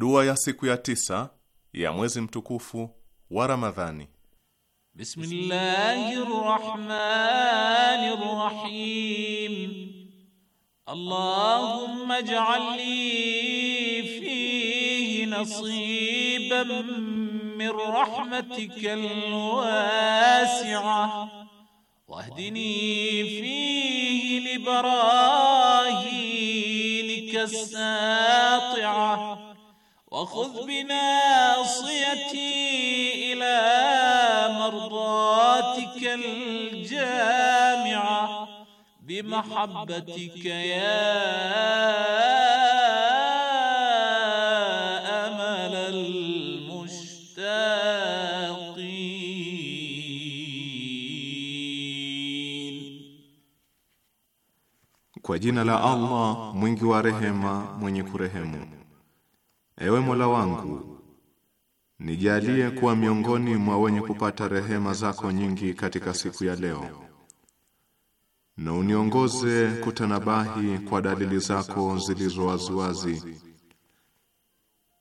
Dua ya siku ya tisa ya mwezi mtukufu wa Ramadhani. Bismillahirrahmanirrahim. Allahumma ij'al fihi nasiban min rahmatika wasi'ah wahdini fihi li barahinika as-sati'ah وخذ بناصيتي إلى مرضاتك الجامعة بمحبتك يا أمل المشتاقين kwa jina la Allah mwingi wa rehema mwenye kurehemu Ewe Mola wangu, nijalie kuwa miongoni mwa wenye kupata rehema zako nyingi katika siku ya leo, na uniongoze kutanabahi kwa dalili zako zilizo waziwazi,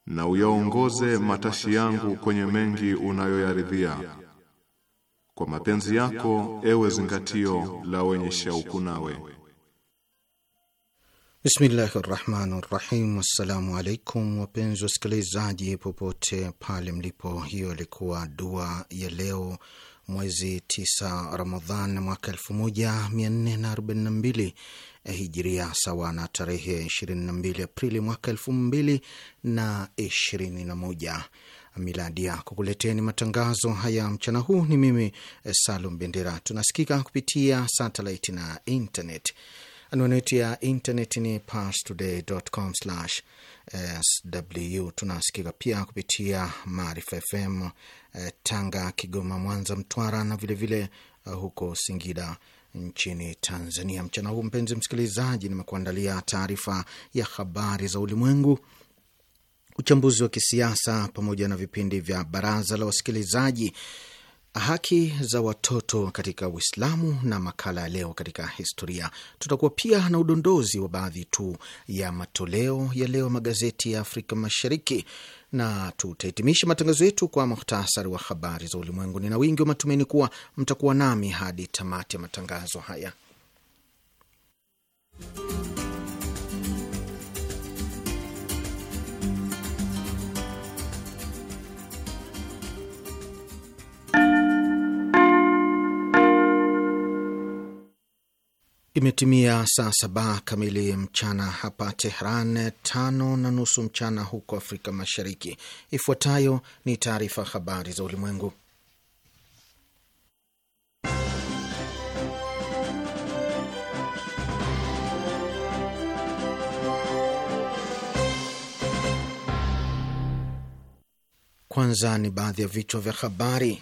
na uyaongoze matashi yangu kwenye mengi unayoyaridhia kwa mapenzi yako, ewe zingatio la wenye shauku nawe. Bismillahi rahmani rahim. Assalamu alaikum wapenzi wasikilizaji popote pale mlipo. Hiyo ilikuwa dua ya leo mwezi 9 Ramadhan mwaka 1442 eh, hijiria sawa na tarehe 22 Aprili mwaka 2021 miladia. Kukuleteni matangazo haya mchana huu ni mimi eh, Salum Bendera. Tunasikika kupitia satelit na internet. Anwani yetu ya intaneti ni parstoday.com/sw. Tunasikika pia kupitia Maarifa FM eh, Tanga, Kigoma, Mwanza, Mtwara na vilevile vile eh, huko Singida nchini Tanzania. Mchana huu mpenzi msikilizaji, nimekuandalia taarifa ya habari za ulimwengu, uchambuzi wa kisiasa, pamoja na vipindi vya baraza la wasikilizaji haki za watoto katika Uislamu na makala ya leo katika historia. Tutakuwa pia na udondozi wa baadhi tu ya matoleo ya leo magazeti ya Afrika Mashariki, na tutahitimisha matangazo yetu kwa muhtasari wa habari za ulimwengu. Nina wingi wa matumaini kuwa mtakuwa nami hadi tamati ya matangazo haya. Imetimia saa saba kamili mchana hapa Tehran, tano na nusu mchana huko Afrika Mashariki. Ifuatayo ni taarifa habari za ulimwengu, kwanza ni baadhi ya vichwa vya habari.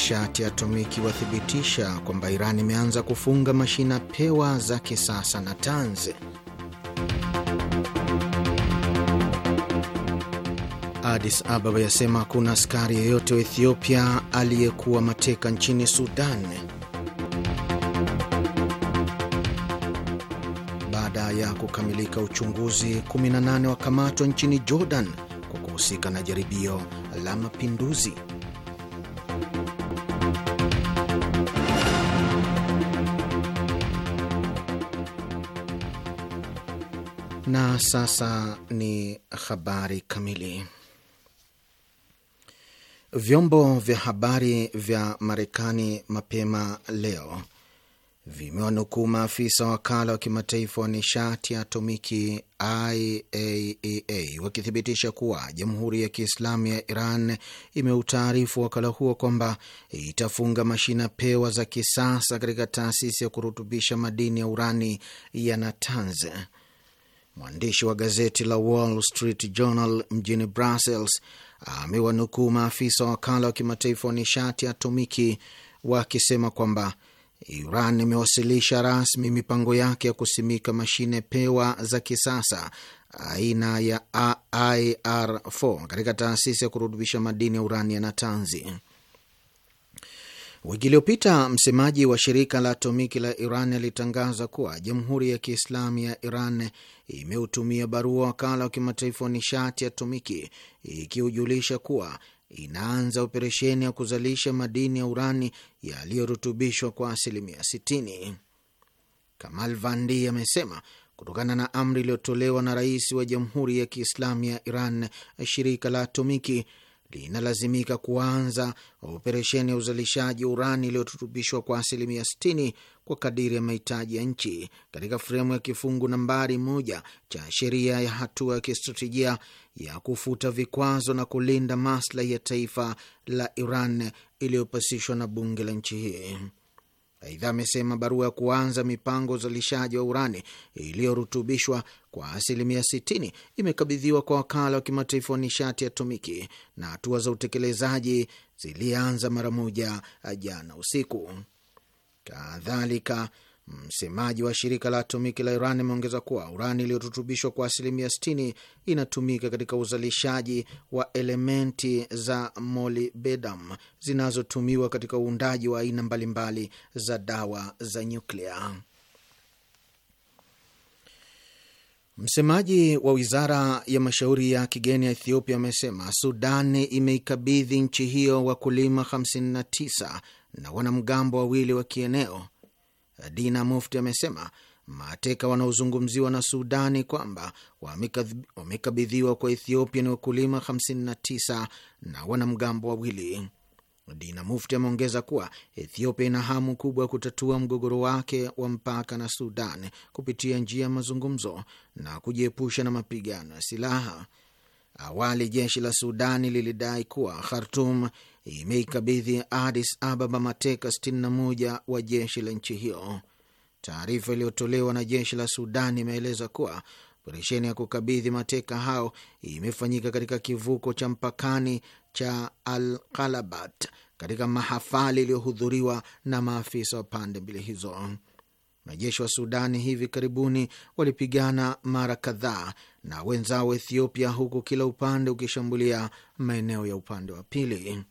nishati atomiki wathibitisha kwamba Iran imeanza kufunga mashina pewa za kisasa na tanz. adis Ababa yasema hakuna askari yeyote wa Ethiopia aliyekuwa mateka nchini Sudan. Baada ya kukamilika uchunguzi, 18 wakamatwa nchini Jordan kwa kuhusika na jaribio la mapinduzi. sasa ni habari kamili. Vyombo vya habari vya Marekani mapema leo vimewanukuu maafisa wakala wa kimataifa wa nishati ya atomiki IAEA e wakithibitisha kuwa Jamhuri ya Kiislamu ya Iran imeutaarifu wakala huo kwamba itafunga mashina pewa za kisasa katika taasisi ya kurutubisha madini ya urani ya Natanz. Mwandishi wa gazeti la Wall Street Journal mjini Brussels amewanukuu maafisa wa wakala wa kimataifa wa nishati atomiki wakisema kwamba Iran imewasilisha rasmi mipango yake ya kusimika mashine pewa za kisasa aina ya IR4 katika taasisi ya kurutubisha madini ya urani ya Natanzi. Wiki iliyopita msemaji wa shirika la atomiki la Iran alitangaza kuwa Jamhuri ya Kiislamu ya Iran imeutumia barua wakala wa kimataifa wa nishati atomiki ikiujulisha kuwa inaanza operesheni ya kuzalisha madini ya urani yaliyorutubishwa kwa asilimia 60. Kamal Vandi amesema kutokana na amri iliyotolewa na rais wa Jamhuri ya Kiislamu ya Iran, shirika la atomiki linalazimika kuanza operesheni ya uzalishaji urani iliyotutubishwa kwa asilimia 60 kwa kadiri ya mahitaji ya nchi katika fremu ya kifungu nambari moja cha sheria ya hatua ya kistratejia ya kufuta vikwazo na kulinda maslahi ya taifa la Iran iliyopasishwa na bunge la nchi hii. Aidha, amesema barua ya kuanza mipango uzalishaji wa urani iliyorutubishwa kwa asilimia 60 imekabidhiwa kwa wakala wa kimataifa wa nishati ya atomiki na hatua za utekelezaji zilianza mara moja jana usiku. Kadhalika, Msemaji wa shirika la atomiki la Iran ameongeza kuwa urani iliyotutubishwa kwa asilimia 60 inatumika katika uzalishaji wa elementi za molibedam zinazotumiwa katika uundaji wa aina mbalimbali za dawa za nyuklia. Msemaji wa wizara ya mashauri ya kigeni ya Ethiopia amesema Sudani imeikabidhi nchi hiyo wakulima 59 na wanamgambo wawili wa kieneo Dina Mufti amesema mateka wanaozungumziwa na Sudani kwamba wamekabidhiwa kwa Ethiopia ni wakulima 59 na wanamgambo wawili. Dina Mufti ameongeza kuwa Ethiopia ina hamu kubwa ya kutatua mgogoro wake wa mpaka na Sudan kupitia njia ya mazungumzo na kujiepusha na mapigano ya silaha. Awali jeshi la Sudani lilidai kuwa Khartum imeikabidhi Adis Ababa mateka 61 wa jeshi la nchi hiyo. Taarifa iliyotolewa na jeshi la sudani imeeleza kuwa operesheni ya kukabidhi mateka hao imefanyika katika kivuko cha mpakani cha Al Kalabat katika mahafali iliyohudhuriwa na maafisa wa pande mbili hizo. Majeshi wa Sudani hivi karibuni walipigana mara kadhaa na wenzao Ethiopia, huku kila upande ukishambulia maeneo ya upande wa pili.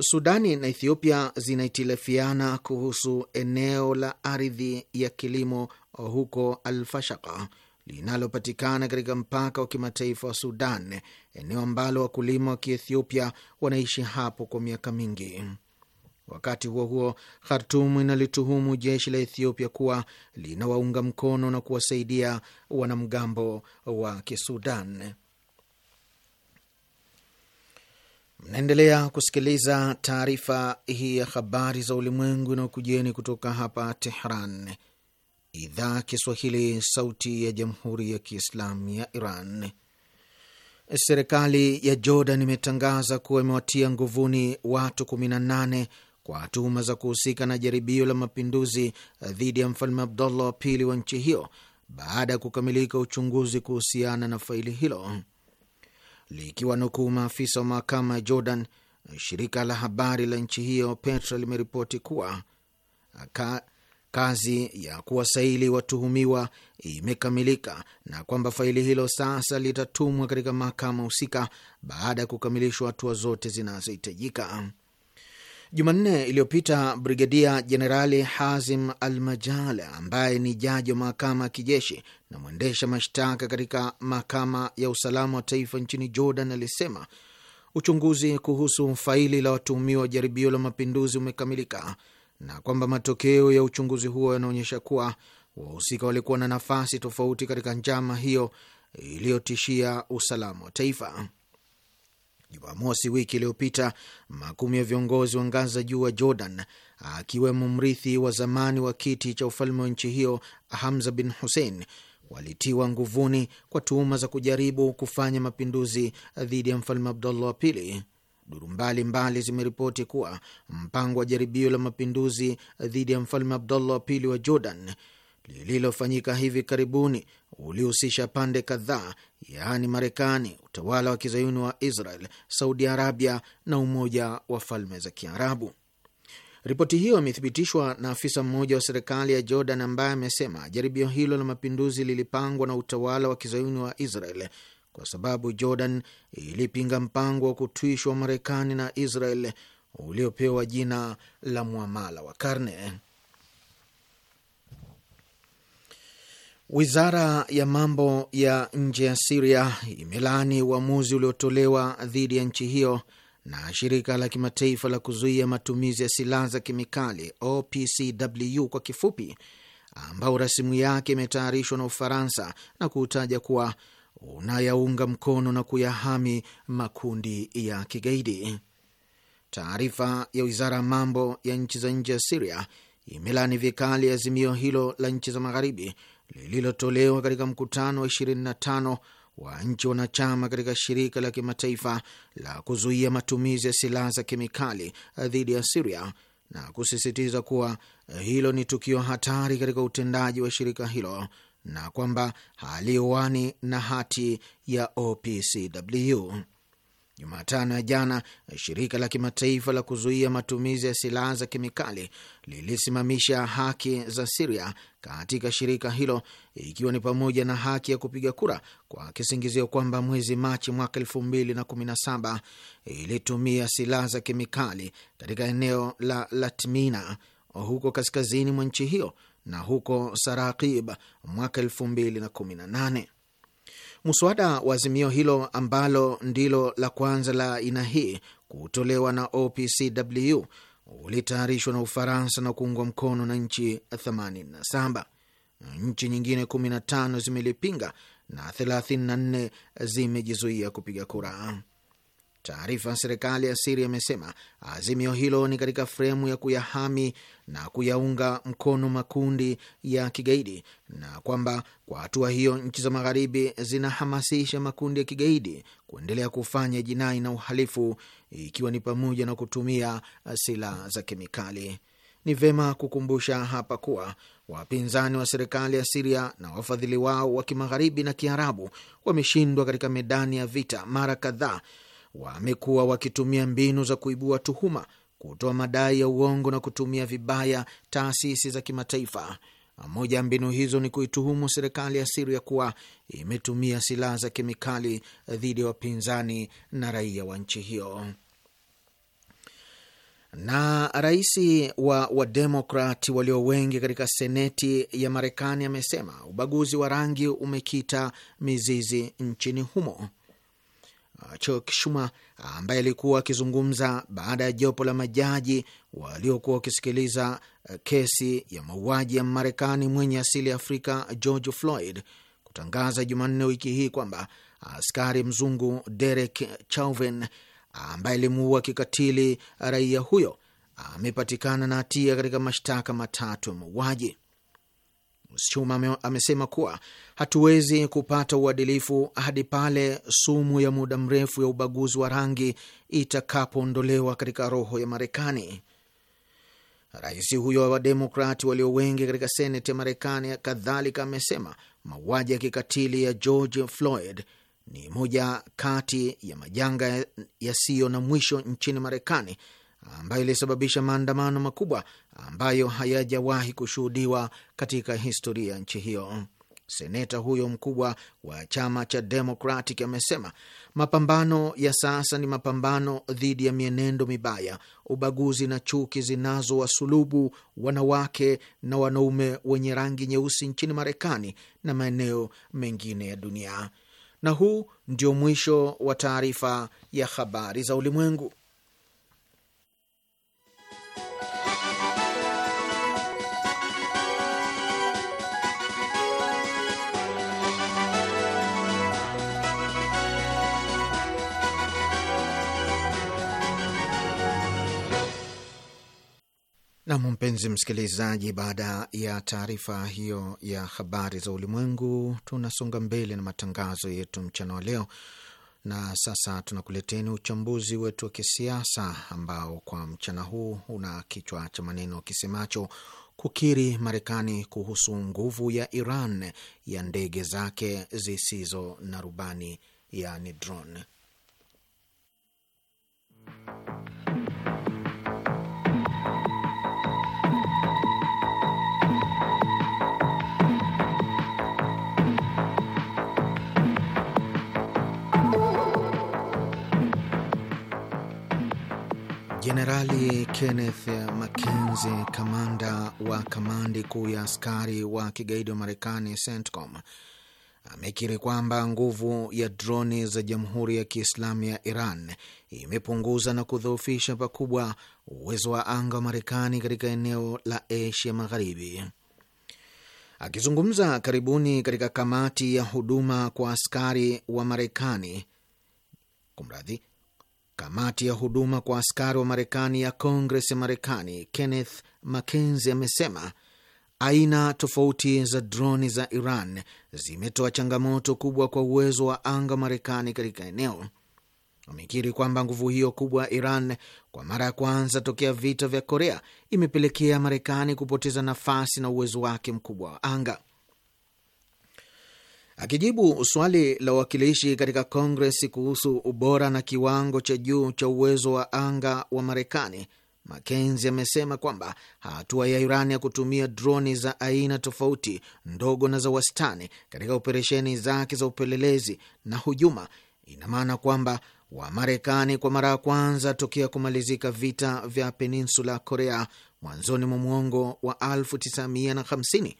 Sudani na Ethiopia zinahitilafiana kuhusu eneo la ardhi ya kilimo huko Alfashaka linalopatikana katika mpaka wa kimataifa wa Sudan, eneo ambalo wakulima wa Kiethiopia wanaishi hapo kwa miaka mingi. Wakati huo huo, Khartum inalituhumu jeshi la Ethiopia kuwa linawaunga mkono na kuwasaidia wanamgambo wa Kisudan. Mnaendelea kusikiliza taarifa hii ya habari za ulimwengu na ukujeni kutoka hapa Tehran, idhaa Kiswahili, sauti ya jamhuri ya kiislamu ya Iran. Serikali ya Jordan imetangaza kuwa imewatia nguvuni watu 18 kwa tuhuma za kuhusika na jaribio la mapinduzi dhidi ya mfalme Abdullah wa pili wa nchi hiyo baada ya kukamilika uchunguzi kuhusiana na faili hilo. Likiwa nukuu maafisa wa mahakama ya Jordan, shirika la habari la nchi hiyo Petra limeripoti kuwa ka, kazi ya kuwasaili watuhumiwa imekamilika na kwamba faili hilo sasa litatumwa katika mahakama husika baada ya kukamilishwa hatua zote zinazohitajika. Jumanne iliyopita Brigedia Jenerali Hazim Al Majala, ambaye ni jaji wa mahakama ya kijeshi na mwendesha mashtaka katika mahakama ya usalama wa taifa nchini Jordan, alisema uchunguzi kuhusu faili la watuhumiwa wa jaribio la mapinduzi umekamilika na kwamba matokeo ya uchunguzi huo yanaonyesha kuwa wahusika walikuwa na nafasi tofauti katika njama hiyo iliyotishia usalama wa taifa. Jumamosi wiki iliyopita, makumi ya viongozi wa ngazi za juu wa Jordan, akiwemo mrithi wa zamani wa kiti cha ufalme wa nchi hiyo Hamza bin Hussein, walitiwa nguvuni kwa tuhuma za kujaribu kufanya mapinduzi dhidi ya mfalme Abdullah wa pili. Duru mbalimbali zimeripoti kuwa mpango wa jaribio la mapinduzi dhidi ya mfalme Abdullah wa pili wa Jordan lililofanyika hivi karibuni ulihusisha pande kadhaa, yaani Marekani, utawala wa kizayuni wa Israel, Saudi Arabia na Umoja wa Falme za Kiarabu. Ripoti hiyo imethibitishwa na afisa mmoja wa serikali ya Jordan ambaye amesema jaribio hilo la mapinduzi lilipangwa na utawala wa kizayuni wa Israel kwa sababu Jordan ilipinga mpango wa kutwishwa Marekani na Israel uliopewa jina la mwamala wa karne. Wizara ya mambo ya nje ya Siria imelaani uamuzi uliotolewa dhidi ya nchi hiyo na shirika la kimataifa la kuzuia matumizi ya silaha za kemikali OPCW kwa kifupi, ambao rasimu yake imetayarishwa na Ufaransa na kuutaja kuwa unayaunga mkono na kuyahami makundi ya kigaidi. Taarifa ya wizara ya mambo ya nchi za nje ya Siria imelaani vikali azimio hilo la nchi za Magharibi lililotolewa katika mkutano wa 25 wa nchi wanachama katika shirika la kimataifa la kuzuia matumizi ya silaha za kemikali dhidi ya Siria na kusisitiza kuwa hilo ni tukio hatari katika utendaji wa shirika hilo na kwamba haliwani na hati ya OPCW. Jumatano ya jana, shirika la kimataifa la kuzuia matumizi ya silaha za kemikali lilisimamisha haki za Siria katika shirika hilo, ikiwa ni pamoja na haki ya kupiga kura kwa kisingizio kwamba mwezi Machi mwaka elfu mbili na kumi na saba ilitumia silaha za kemikali katika eneo la Latmina huko kaskazini mwa nchi hiyo na huko Sarakib mwaka elfu mbili na kumi na nane. Mswada wa azimio hilo ambalo ndilo la kwanza la aina hii kutolewa na OPCW ulitayarishwa na Ufaransa na kuungwa mkono na nchi 87. Nchi nyingine 15 zimelipinga na 34 zimejizuia kupiga kura. Taarifa ya serikali ya Siria imesema azimio hilo ni katika fremu ya kuyahami na kuyaunga mkono makundi ya kigaidi na kwamba kwa hatua hiyo nchi za Magharibi zinahamasisha makundi ya kigaidi kuendelea kufanya jinai na uhalifu, ikiwa ni pamoja na kutumia silaha za kemikali. Ni vema kukumbusha hapa kuwa wapinzani wa serikali ya Siria na wafadhili wao wa kimagharibi na kiarabu wameshindwa katika medani ya vita mara kadhaa wamekuwa wakitumia mbinu za kuibua tuhuma, kutoa madai ya uongo na kutumia vibaya taasisi za kimataifa. Moja ya mbinu hizo ni kuituhumu serikali ya Siria kuwa imetumia silaha za kemikali dhidi ya wapinzani na raia wa nchi hiyo. Na rais wa wademokrati walio wengi katika seneti ya Marekani amesema ubaguzi wa rangi umekita mizizi nchini humo. Ah, Chuck Schumer ah, ambaye alikuwa akizungumza baada ya jopo la majaji waliokuwa wakisikiliza ah, kesi ya mauaji ya Marekani mwenye asili ya Afrika George Floyd kutangaza Jumanne wiki hii kwamba askari mzungu Derek Chauvin ambaye alimuua kikatili raia huyo amepatikana na hatia katika mashtaka matatu ya mauaji. Chuma amesema kuwa hatuwezi kupata uadilifu hadi pale sumu ya muda mrefu ya ubaguzi wa rangi itakapoondolewa katika roho ya Marekani. Rais huyo wa Demokrati walio wengi katika seneti ya Marekani kadhalika amesema mauaji ya kikatili ya George Floyd ni moja kati ya majanga yasiyo na mwisho nchini Marekani ambayo ilisababisha maandamano makubwa ambayo hayajawahi kushuhudiwa katika historia ya nchi hiyo. Seneta huyo mkubwa wa chama cha Democratic amesema mapambano ya sasa ni mapambano dhidi ya mienendo mibaya, ubaguzi na chuki zinazowasulubu wanawake na wanaume wenye rangi nyeusi nchini Marekani na maeneo mengine ya dunia. Na huu ndio mwisho wa taarifa ya habari za ulimwengu. Nam, mpenzi msikilizaji, baada ya taarifa hiyo ya habari za ulimwengu, tunasonga mbele na matangazo yetu mchana wa leo, na sasa tunakuleteni uchambuzi wetu wa kisiasa ambao kwa mchana huu una kichwa cha maneno kisemacho kukiri Marekani kuhusu nguvu ya Iran ya ndege zake zisizo na rubani, yani drone. Jenerali Kenneth Mackenzie, kamanda wa kamandi kuu ya askari wa kigaidi wa Marekani, CENTCOM, amekiri kwamba nguvu ya droni za Jamhuri ya Kiislamu ya Iran imepunguza na kudhoofisha pakubwa uwezo wa anga wa Marekani katika eneo la Asia Magharibi. Akizungumza karibuni katika kamati ya huduma kwa askari wa Marekani, kumradhi Kamati ya huduma kwa askari wa Marekani ya Kongres ya Marekani, Kenneth McKenzie, amesema aina tofauti za droni za Iran zimetoa changamoto kubwa kwa uwezo wa anga Marekani katika eneo. Amekiri kwamba nguvu hiyo kubwa ya Iran kwa mara ya kwanza tokea vita vya Korea imepelekea Marekani kupoteza nafasi na uwezo wake mkubwa wa anga. Akijibu swali la wawakilishi katika Kongres kuhusu ubora na kiwango cha juu cha uwezo wa anga wa Marekani, Makenzi amesema kwamba hatua ya Iran ya kutumia droni za aina tofauti, ndogo na za wastani, katika operesheni zake za upelelezi na hujuma ina maana kwamba Wamarekani kwa mara ya kwanza tokea kumalizika vita vya peninsula Korea mwanzoni mwa mwongo wa 1950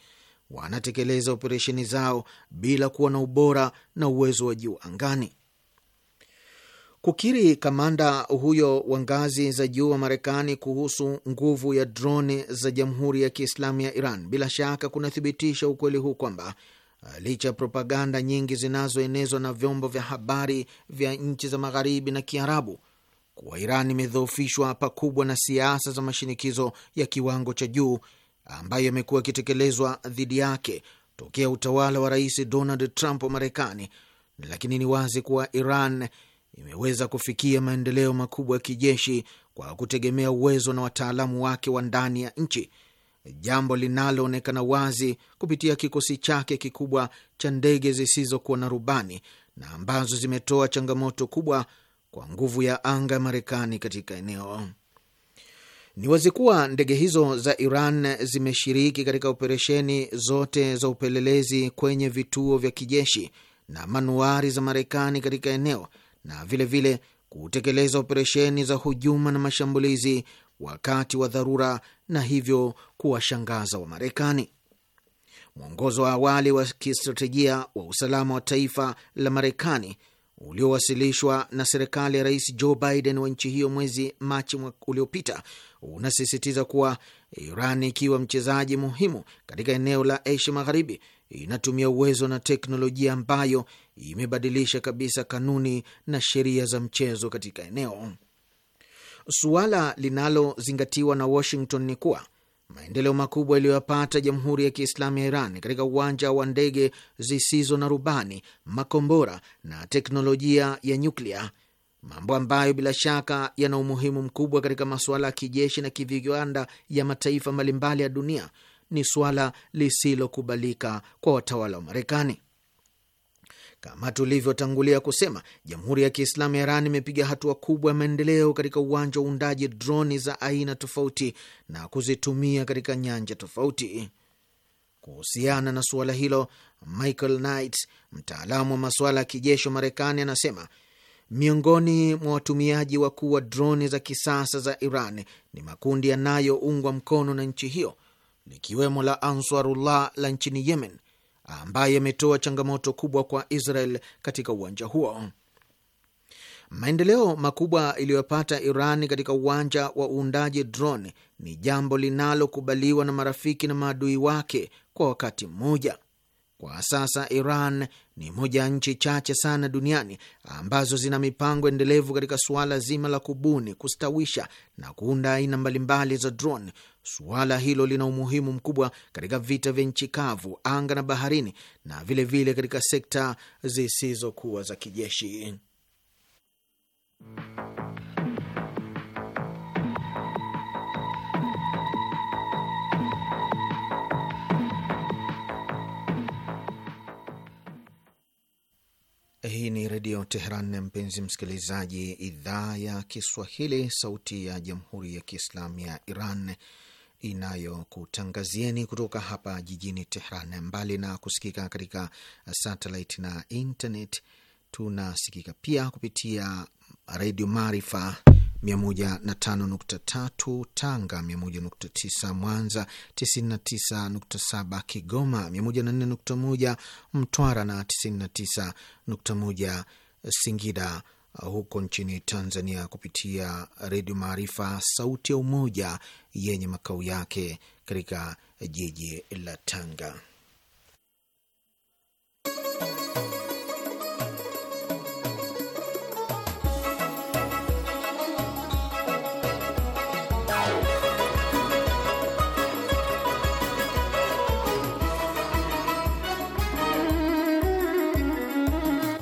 wanatekeleza operesheni zao bila kuwa na ubora na uwezo wa juu angani. Kukiri kamanda huyo wa ngazi za juu wa Marekani kuhusu nguvu ya droni za Jamhuri ya Kiislamu ya Iran bila shaka kunathibitisha ukweli huu kwamba uh, licha ya propaganda nyingi zinazoenezwa na vyombo vya habari vya nchi za Magharibi na Kiarabu kuwa Iran imedhoofishwa pakubwa na siasa za mashinikizo ya kiwango cha juu ambayo yamekuwa yakitekelezwa dhidi yake tokea utawala wa Rais Donald Trump wa Marekani, lakini ni wazi kuwa Iran imeweza kufikia maendeleo makubwa ya kijeshi kwa kutegemea uwezo na wataalamu wake wa ndani ya nchi, jambo linaloonekana wazi kupitia kikosi chake kikubwa cha ndege zisizokuwa na rubani na ambazo zimetoa changamoto kubwa kwa nguvu ya anga ya Marekani katika eneo. Ni wazi kuwa ndege hizo za Iran zimeshiriki katika operesheni zote za upelelezi kwenye vituo vya kijeshi na manuari za Marekani katika eneo na vilevile vile kutekeleza operesheni za hujuma na mashambulizi wakati wa dharura na hivyo kuwashangaza wa Marekani. Mwongozo wa awali wa kistratejia wa usalama wa taifa la Marekani uliowasilishwa na serikali ya Rais Joe Biden wa nchi hiyo mwezi Machi uliopita unasisitiza kuwa Iran ikiwa mchezaji muhimu katika eneo la Asia Magharibi inatumia uwezo na teknolojia ambayo imebadilisha kabisa kanuni na sheria za mchezo katika eneo. Suala linalozingatiwa na Washington ni kuwa maendeleo makubwa yaliyoyapata Jamhuri ya Kiislamu ya Iran katika uwanja wa ndege zisizo na rubani, makombora na teknolojia ya nyuklia mambo ambayo bila shaka yana umuhimu mkubwa katika masuala ya kijeshi na kiviwanda ya mataifa mbalimbali ya dunia. Ni suala lisilokubalika kwa watawala wa Marekani. Kama tulivyotangulia kusema, Jamhuri ya Kiislamu ya Iran imepiga hatua kubwa ya maendeleo katika uwanja wa uundaji droni za aina tofauti na kuzitumia katika nyanja tofauti. Kuhusiana na suala hilo, Michael Knight, mtaalamu wa masuala ya kijeshi wa Marekani, anasema Miongoni mwa watumiaji wakuu wa droni za kisasa za Iran ni makundi yanayoungwa mkono na nchi hiyo likiwemo la Ansarullah la nchini Yemen, ambaye yametoa changamoto kubwa kwa Israel katika uwanja huo. Maendeleo makubwa iliyopata Iran katika uwanja wa uundaji drone ni jambo linalokubaliwa na marafiki na maadui wake kwa wakati mmoja. Kwa sasa Iran ni moja ya nchi chache sana duniani ambazo zina mipango endelevu katika suala zima la kubuni, kustawisha na kuunda aina mbalimbali za drone. Suala hilo lina umuhimu mkubwa katika vita vya nchi kavu, anga na baharini, na vilevile vile katika sekta zisizokuwa za kijeshi. Hii ni Redio Teheran, mpenzi msikilizaji, idhaa ya Kiswahili, sauti ya Jamhuri ya Kiislamu ya Iran inayokutangazieni kutoka hapa jijini Tehran. Mbali na kusikika katika satelit na internet, tunasikika pia kupitia Redio Maarifa 105.3 Tanga, 101.9 Mwanza, 99.7 Kigoma, 104.1 Mtwara na 99.1 Singida huko nchini Tanzania kupitia Redio Maarifa Sauti ya Umoja yenye makao yake katika jiji la Tanga.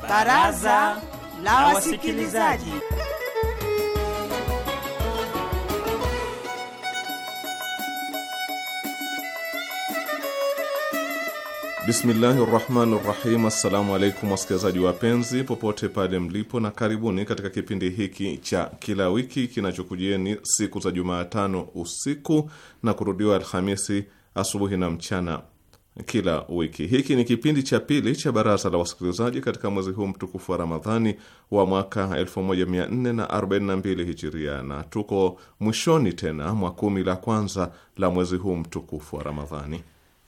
Baraza la Wasikilizaji. Bismillahi rahmani rahim. Assalamu alaikum wasikilizaji wapenzi popote pale mlipo, na karibuni katika kipindi hiki cha kila wiki kinachokujieni siku za Jumatano usiku na kurudiwa Alhamisi asubuhi na mchana kila wiki. Hiki ni kipindi cha pili cha baraza la wasikilizaji katika mwezi huu mtukufu wa Ramadhani wa mwaka 1442 Hijiria, na tuko mwishoni tena mwa kumi la kwanza la mwezi huu mtukufu wa Ramadhani.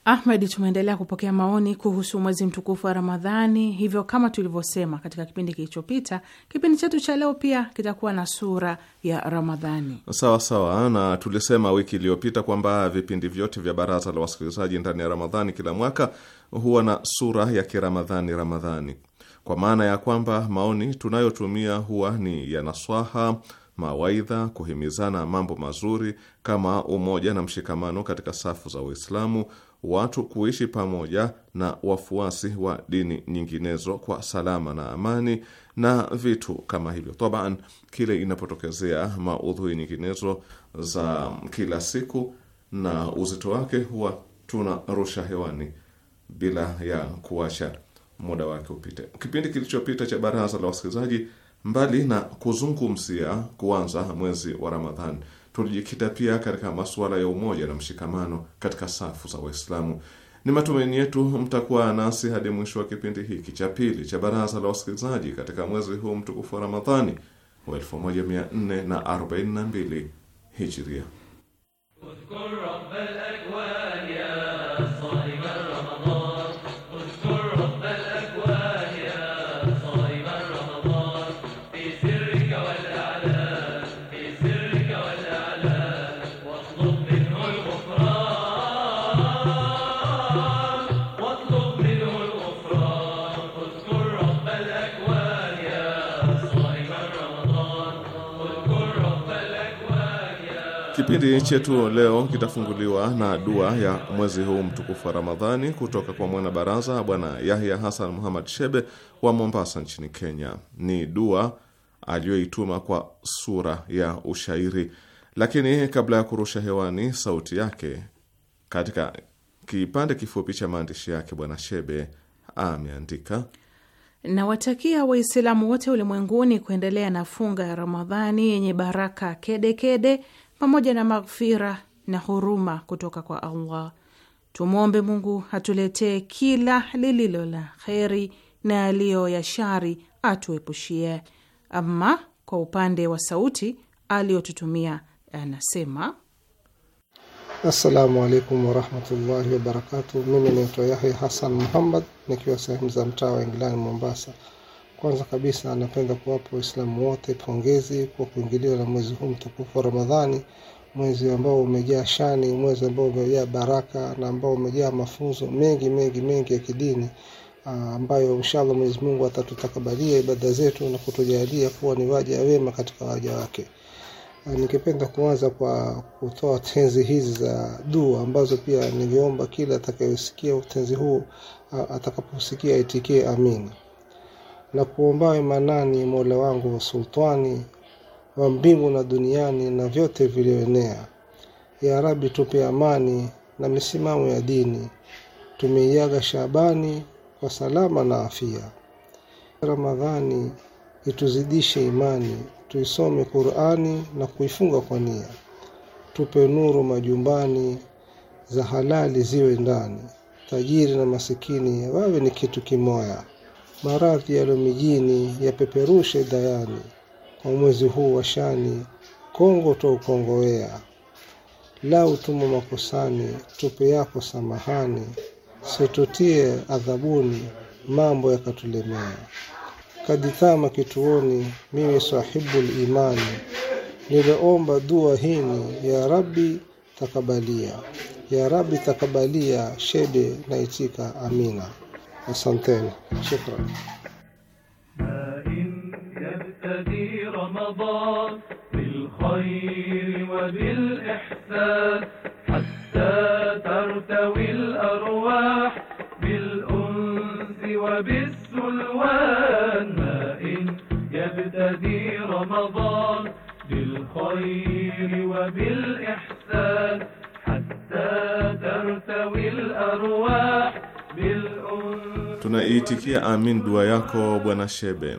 Ahmed, tumeendelea kupokea maoni kuhusu mwezi mtukufu wa Ramadhani. Hivyo kama tulivyosema katika kipindi kilichopita, kipindi chetu cha leo pia kitakuwa na sura ya Ramadhani. Sawa sawa, na tulisema wiki iliyopita kwamba vipindi vyote vya Baraza la Wasikilizaji ndani ya Ramadhani kila mwaka huwa na sura ya kiramadhani Ramadhani, kwa maana ya kwamba maoni tunayotumia huwa ni ya naswaha mawaidha, kuhimizana mambo mazuri kama umoja na mshikamano katika safu za Uislamu, watu kuishi pamoja na wafuasi wa dini nyinginezo kwa salama na amani na vitu kama hivyo. Taban, kile inapotokezea maudhui nyinginezo za kila siku na uzito wake huwa tuna rusha hewani bila ya kuacha muda wake upite. Kipindi kilichopita cha Baraza la Wasikilizaji, mbali na kuzungumzia kuanza mwezi wa Ramadhani tulijikita pia katika masuala ya umoja na mshikamano katika safu za Waislamu. Ni matumaini yetu mtakuwa nasi hadi mwisho wa kipindi hiki cha pili cha Baraza la Wasikilizaji katika mwezi huu mtukufu wa Ramadhani wa 1442 Hijria. Kipindi chetu leo kitafunguliwa na dua ya mwezi huu mtukufu wa Ramadhani kutoka kwa mwanabaraza Bwana Yahya Hassan Muhammad Shebe wa Mombasa nchini Kenya. Ni dua aliyoituma kwa sura ya ushairi, lakini kabla ya kurusha hewani sauti yake, katika kipande kifupi cha maandishi yake, Bwana Shebe ameandika: Nawatakia Waislamu wote ulimwenguni kuendelea na funga ya Ramadhani yenye baraka kedekede kede, pamoja na maghfira na huruma kutoka kwa Allah. Tumwombe Mungu atuletee kila lililo la kheri na yaliyo ya shari atuepushie. Ama kwa upande wa sauti aliyotutumia anasema: assalamu alaikum warahmatullahi wabarakatuh. Mimi naitwa Yahya Hasan Muhammad nikiwa sehemu za mtaa wa England, Mombasa. Kwanza kabisa napenda kuwapa Waislamu wote pongezi kwa kuingiliwa na mwezi huu mtukufu wa Ramadhani, mwezi ambao umejaa shani, mwezi ambao umejaa baraka na ambao umejaa mafunzo mengi mengi mengi ya kidini ah, ambayo inshallah Mwenyezi Mungu atatutakabalia ibada zetu na kutujalia kuwa ni waja wema katika waja wake. Ah, ningependa kuanza kwa kutoa tenzi hizi za dua ambazo pia ningeomba kila atakayosikia utenzi huu ah, atakaposikia aitikie amina na kuombawe manani Mola wangu sultani wa mbingu na duniani na vyote vilioenea. Ya Rabi, tupe amani na misimamo ya dini, tumeiaga Shabani kwa salama na afia. Ramadhani ituzidishe imani, tuisome Qurani na kuifunga kwa nia. Tupe nuru majumbani, za halali ziwe ndani, tajiri na masikini wawe ni kitu kimoya maradhi yalo mijini yapeperushe dayani, kwa mwezi huu wa shani Kongo twaukongowea. Lau tumo makosani, tupe yako samahani, situtie adhabuni, mambo yakatulemea. Kadithama kituoni, mimi sahibul imani, niliomba dua hini, ya Rabbi takabalia, ya Rabbi takabalia, shebe naitika amina. تاني شكرا إن يبتدي رمضان بالخير وبالإحسان حتى ترتوي الأرواح بالأنس وبالسلوان ما إن يبتدي رمضان بالخير وبالإحسان حتى ترتوي الأرواح Tunaiitikia amin dua yako Bwana Shebe.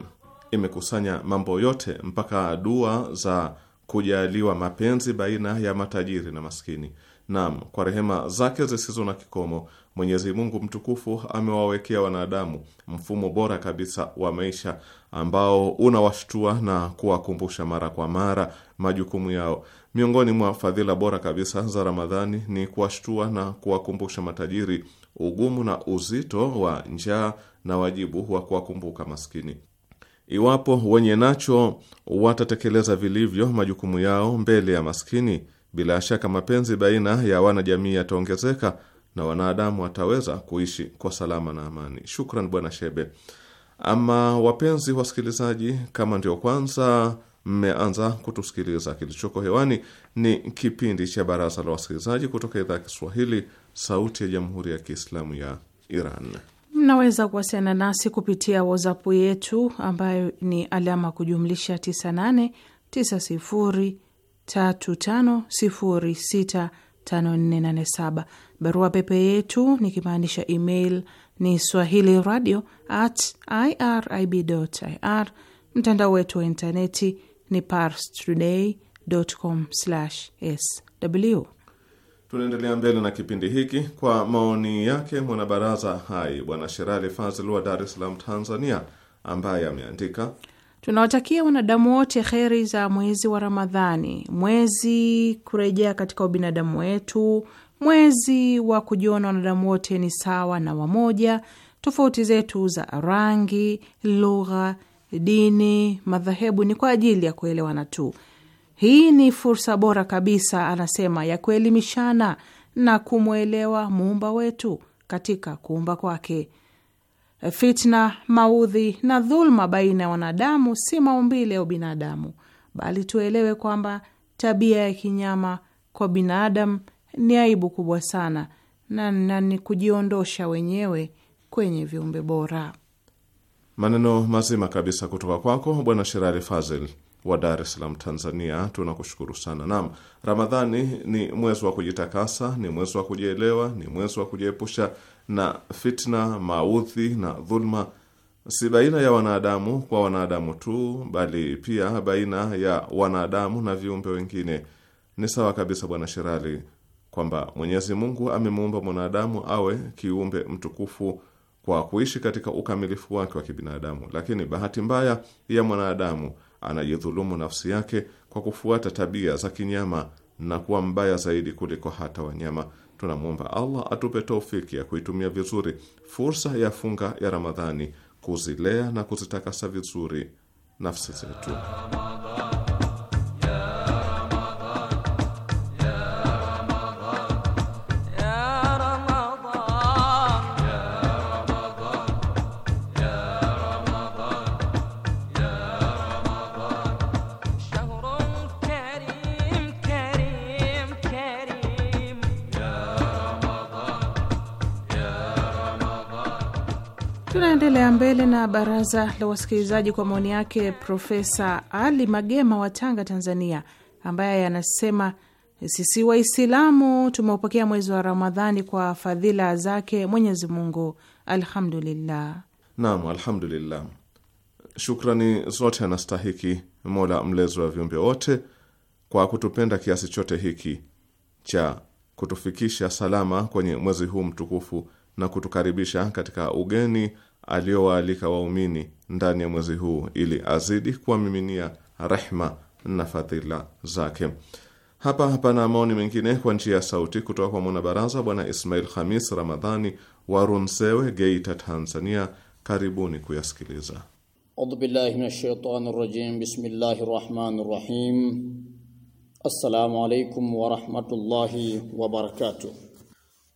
Imekusanya mambo yote mpaka dua za kujaliwa mapenzi baina ya matajiri na maskini. Naam, kwa rehema zake zisizo na kikomo Mwenyezi Mungu mtukufu amewawekea wanadamu mfumo bora kabisa wa maisha ambao unawashtua na kuwakumbusha mara kwa mara majukumu yao. Miongoni mwa fadhila bora kabisa za Ramadhani ni kuwashtua na kuwakumbusha matajiri ugumu na uzito wa njaa na wajibu wa kuwakumbuka maskini. Iwapo wenye nacho watatekeleza vilivyo majukumu yao mbele ya maskini, bila shaka mapenzi baina ya wanajamii yataongezeka na wanadamu wataweza kuishi kwa salama na amani. Shukran Bwana Shebe. Ama wapenzi wasikilizaji, kama ndio kwanza mmeanza kutusikiliza, kilichoko hewani ni kipindi cha Baraza la Wasikilizaji kutoka idhaa ya Kiswahili Sauti ya Jamhuri ya Kiislamu ya Iran. Mnaweza kuwasiliana nasi kupitia WhatsApp yetu ambayo ni alama kujumlisha 989035065487. Barua pepe yetu nikimaanisha email ni swahili radio at irib ir. Mtandao wetu wa intaneti ni today com sw Tunaendelea mbele na kipindi hiki kwa maoni yake mwanabaraza hai Bwana Sherali Fazil wa Dar es Salaam, Tanzania, ambaye ameandika tunawatakia wanadamu wote kheri za mwezi wa Ramadhani, mwezi kurejea katika ubinadamu wetu, mwezi wa kujiona wanadamu wote ni sawa na wamoja, tofauti zetu za rangi, lugha, dini, madhehebu ni kwa ajili ya kuelewana tu hii ni fursa bora kabisa, anasema, ya kuelimishana na kumwelewa muumba wetu katika kuumba kwake. Fitna, maudhi na dhuluma baina ya wanadamu si maumbile ya ubinadamu, bali tuelewe kwamba tabia ya kinyama kwa binadamu ni aibu kubwa sana na, na ni kujiondosha wenyewe kwenye viumbe bora. Maneno mazima kabisa kutoka kwako Bwana Sherari Fazel wa Dar es Salaam, Tanzania. Tunakushukuru sana. Naam, Ramadhani ni mwezi wa kujitakasa, ni mwezi wa kujielewa, ni mwezi wa kujiepusha na fitna, maudhi na dhulma, si baina ya wanadamu kwa wanadamu tu, bali pia baina ya wanadamu na viumbe wengine. Ni sawa kabisa, Bwana Sherali, kwamba Mwenyezi Mungu amemuumba mwanadamu awe kiumbe mtukufu kwa kuishi katika ukamilifu wake wa kibinadamu, lakini bahati mbaya ya mwanadamu anajidhulumu nafsi yake kwa kufuata tabia za kinyama na kuwa mbaya zaidi kuliko hata wanyama. Tunamwomba Allah atupe taufiki ya kuitumia vizuri fursa ya funga ya Ramadhani, kuzilea na kuzitakasa vizuri nafsi zetu. Tunaendelea mbele na baraza la wasikilizaji kwa maoni yake Profesa Ali Magema wa Tanga, Tanzania, ambaye anasema sisi Waislamu tumeupokea mwezi wa Ramadhani kwa fadhila zake Mwenyezi Mungu, alhamdulillah. Naam, alhamdulillah, shukrani zote anastahiki Mola mlezi wa viumbe wote kwa kutupenda kiasi chote hiki cha kutufikisha salama kwenye mwezi huu mtukufu na kutukaribisha katika ugeni aliyowaalika waumini ndani ya mwezi huu ili azidi kuwamiminia rehma na fadhila zake. Hapa pana maoni mengine kwa njia ya sauti kutoka kwa mwanabaraza Bwana Ismail Khamis Ramadhani wa Runzewe, Geita, Tanzania. Karibuni kuyasikiliza. Audhu billahi minash shaitani rajim. Bismillahir rahmanir rahim. Assalamu alaykum wa rahmatullahi wa barakatuh.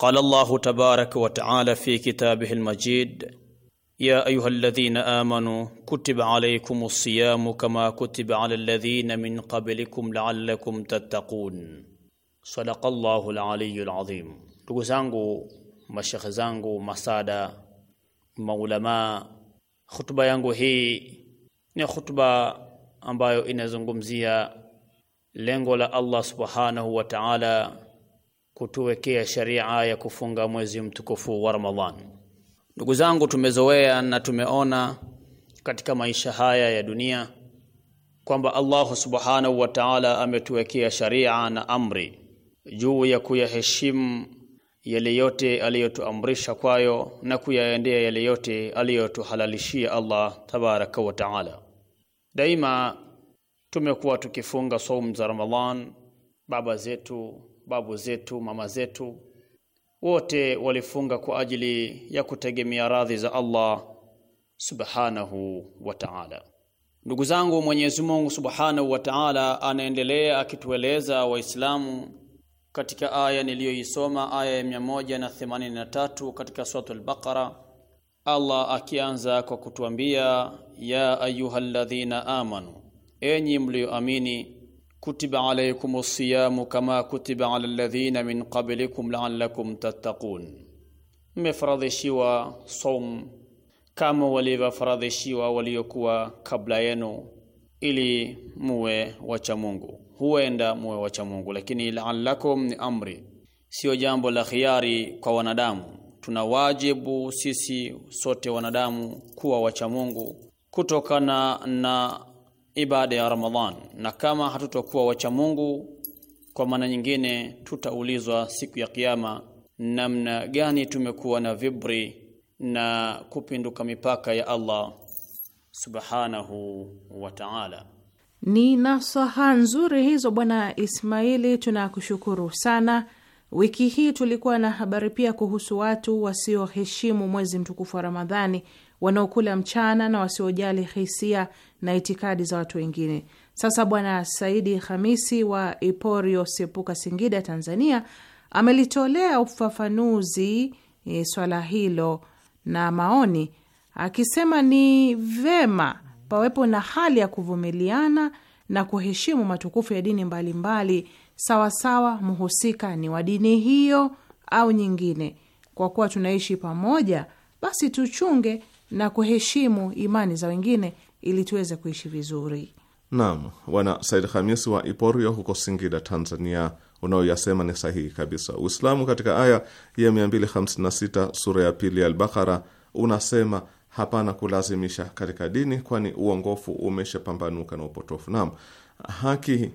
قال الله تبارك وتعالى في كتابه المجيد يا ايها الذين امنوا كتب عليكم الصيام كما كتب على الذين من قبلكم لعلكم تتقون صدق الله العلي العظيم ndugu zangu mashekhe zangu masada maulamaa hutuba yangu hii ni hutuba ambayo inazungumzia lengo la allah subhanahu wa taala kutuwekea sharia ya kufunga mwezi mtukufu wa Ramadhan. Ndugu zangu, tumezoea na tumeona katika maisha haya ya dunia kwamba Allah subhanahu wa ta'ala ametuwekea sharia na amri juu ya kuyaheshimu yale yote aliyotuamrisha kwayo na kuyaendea yale yote aliyotuhalalishia Allah tabaraka wa taala. Daima tumekuwa tukifunga saumu za Ramadhan, baba zetu babu zetu, mama zetu, wote walifunga kwa ajili ya kutegemea radhi za Allah subhanahu wa ta'ala. Ndugu zangu, Mwenyezi Mungu subhanahu wa ta'ala anaendelea akitueleza Waislamu katika aya niliyoisoma, aya ya 183 katika al Baqara, Allah akianza kwa kutuambia ya ayyuhalladhina amanu, enyi mlioamini kutiba alaykumus siyamu kama kutiba ala alladhina min qablikum la'allakum tattaqun, mmefaradhishiwa saum kama walivyofaradhishiwa waliokuwa kabla yenu ili muwe wacha Mungu. Huenda muwe wacha Mungu, lakini la'allakum ni amri, sio jambo la khiari kwa wanadamu. Tuna wajibu sisi sote wanadamu kuwa wacha Mungu kutokana na ibada ya Ramadhan na kama hatutokuwa wacha Mungu kwa maana nyingine tutaulizwa siku ya kiyama namna gani tumekuwa na vibri na kupinduka mipaka ya Allah subhanahu wa ta'ala. Ni nasaha nzuri hizo Bwana Ismaili, tunakushukuru sana. Wiki hii tulikuwa na habari pia kuhusu watu wasioheshimu mwezi mtukufu wa Ramadhani wanaokula mchana na wasiojali hisia na itikadi za watu wengine. Sasa Bwana Saidi Hamisi wa Iporio Sepuka, Singida, Tanzania, amelitolea ufafanuzi e, swala hilo na maoni akisema ni vema pawepo na hali ya kuvumiliana na kuheshimu matukufu ya dini mbalimbali sawasawa, mhusika ni wa dini hiyo au nyingine. Kwa kuwa tunaishi pamoja, basi tuchunge na kuheshimu imani za wengine ili tuweze kuishi vizuri. Naam, Bwana Said Hamis wa Iporio huko Singida, Tanzania, unaoyasema ni sahihi kabisa. Uislamu katika aya ya 256 sura ya pili ya Albakara unasema hapana kulazimisha katika dini, kwani uongofu umeshapambanuka na upotofu. Naam, haki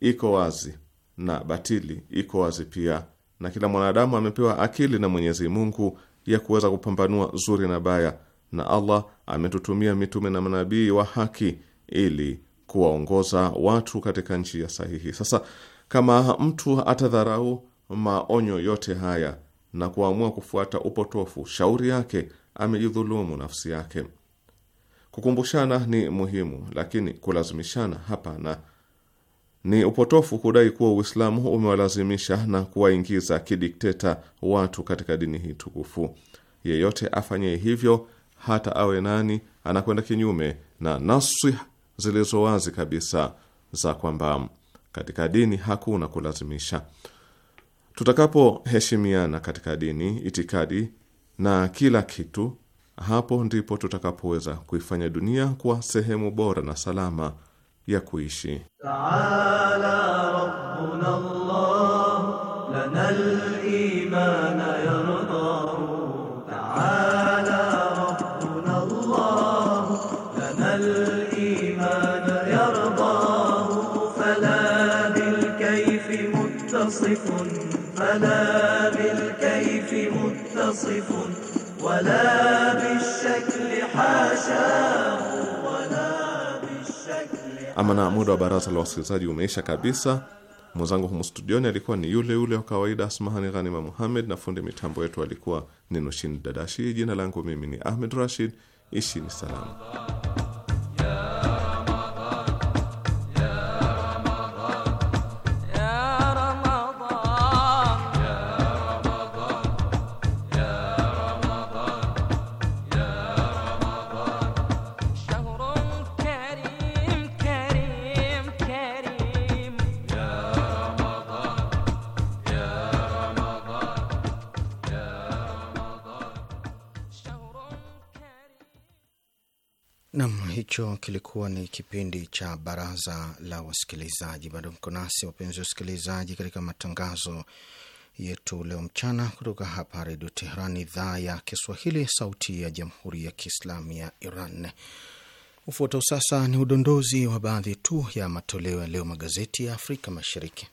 iko wazi na batili iko wazi pia, na kila mwanadamu amepewa akili na Mwenyezi Mungu ya kuweza kupambanua zuri na baya na Allah ametutumia mitume na manabii wa haki ili kuwaongoza watu katika njia sahihi. Sasa kama mtu atadharau maonyo yote haya na kuamua kufuata upotofu, shauri yake amejidhulumu nafsi yake. Kukumbushana ni muhimu, lakini kulazimishana hapana. Ni upotofu kudai kuwa Uislamu umewalazimisha na kuwaingiza kidikteta watu katika dini hii tukufu. Yeyote afanye hivyo hata awe nani, anakwenda kinyume na naswi zilizo wazi kabisa za kwamba katika dini hakuna kulazimisha. Tutakapoheshimiana katika dini, itikadi na kila kitu, hapo ndipo tutakapoweza kuifanya dunia kuwa sehemu bora na salama ya kuishi. Taala فلا بالكيف متصف ولا بالشكل حاشاه ولا بالشكل ama na muda wa baraza la wasikilizaji umeisha kabisa. Mwenzangu humu studioni alikuwa ni yule yule wa kawaida Asmahani Ghanima muhammed na fundi mitambo yetu alikuwa ni Nushin Dadashi. Jina langu mimi ni Ahmed Rashid. Ishi ni salama. hicho kilikuwa ni kipindi cha baraza la wasikilizaji. Bado mko nasi wapenzi wa wasikilizaji, katika matangazo yetu leo mchana kutoka hapa Redio Teheran, idhaa ya Kiswahili, sauti ya jamhuri ya kiislamu ya Iran. Ufuatao sasa ni udondozi wa baadhi tu ya matoleo ya leo magazeti ya Afrika Mashariki.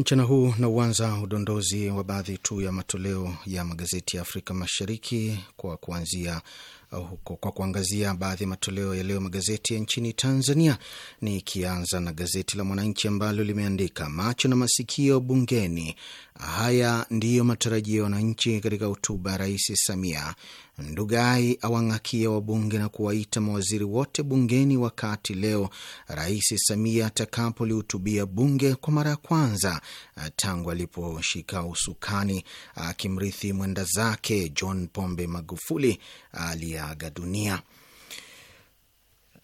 mchana huu na uanza udondozi wa baadhi tu ya matoleo ya magazeti ya Afrika Mashariki kwa kuanzia uh, huko kwa kuangazia baadhi ya matoleo ya leo magazeti ya nchini Tanzania, nikianza na gazeti la Mwananchi ambalo limeandika macho na masikio bungeni, Haya ndiyo matarajio ya wananchi katika hotuba ya Rais Samia. Ndugai awang'akia wabunge na kuwaita mawaziri wote bungeni wakati leo Rais Samia atakapolihutubia bunge kwa mara ya kwanza eh, tangu aliposhika usukani, akimrithi mwenda zake John Pombe Magufuli aliyeaga dunia.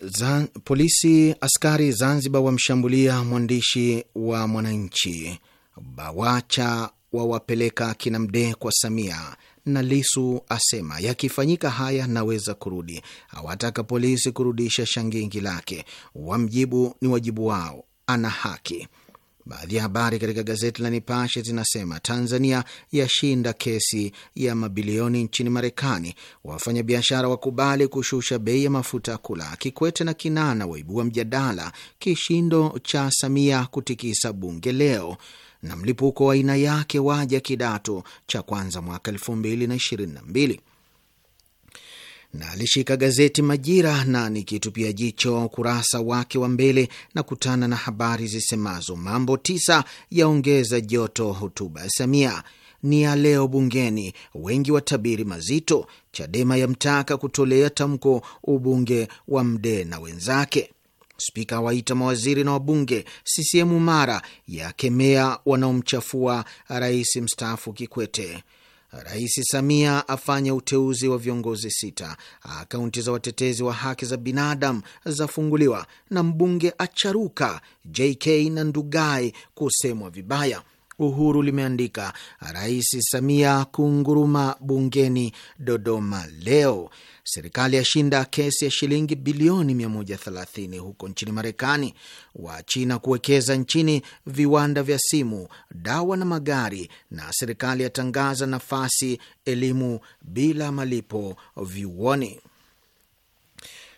Zan, polisi askari Zanzibar wamshambulia mwandishi wa Mwananchi Bawacha wawapeleka kina Mdee kwa Samia na Lisu asema yakifanyika haya naweza kurudi. awataka polisi kurudisha shangingi lake, wamjibu ni wajibu wao, ana haki. Baadhi ya habari katika gazeti la Nipashe zinasema Tanzania yashinda kesi ya mabilioni nchini Marekani, wafanyabiashara wakubali kushusha bei ya mafuta ya kula, Kikwete na Kinana waibua mjadala, kishindo cha Samia kutikisa bunge leo na mlipuko wa aina yake waja kidato cha kwanza mwaka elfu mbili na ishirini na mbili na alishika gazeti Majira na nikitupia jicho ukurasa wake wa mbele na kutana na habari zisemazo mambo tisa yaongeza joto hotuba ya Samia ni ya leo bungeni, wengi watabiri mazito. Chadema yamtaka kutolea tamko ubunge wa Mdee na wenzake. Spika waita mawaziri na wabunge. CCM mara yakemea wanaomchafua rais mstaafu Kikwete. Rais Samia afanya uteuzi wa viongozi sita. Akaunti za watetezi wa haki za binadamu zafunguliwa, na mbunge acharuka JK na Ndugai kusemwa vibaya. Uhuru limeandika Rais Samia kunguruma bungeni Dodoma leo. Serikali yashinda kesi ya shilingi bilioni 130 huko nchini Marekani. wa China kuwekeza nchini viwanda vya simu, dawa na magari. Na serikali yatangaza nafasi elimu bila malipo vyuoni.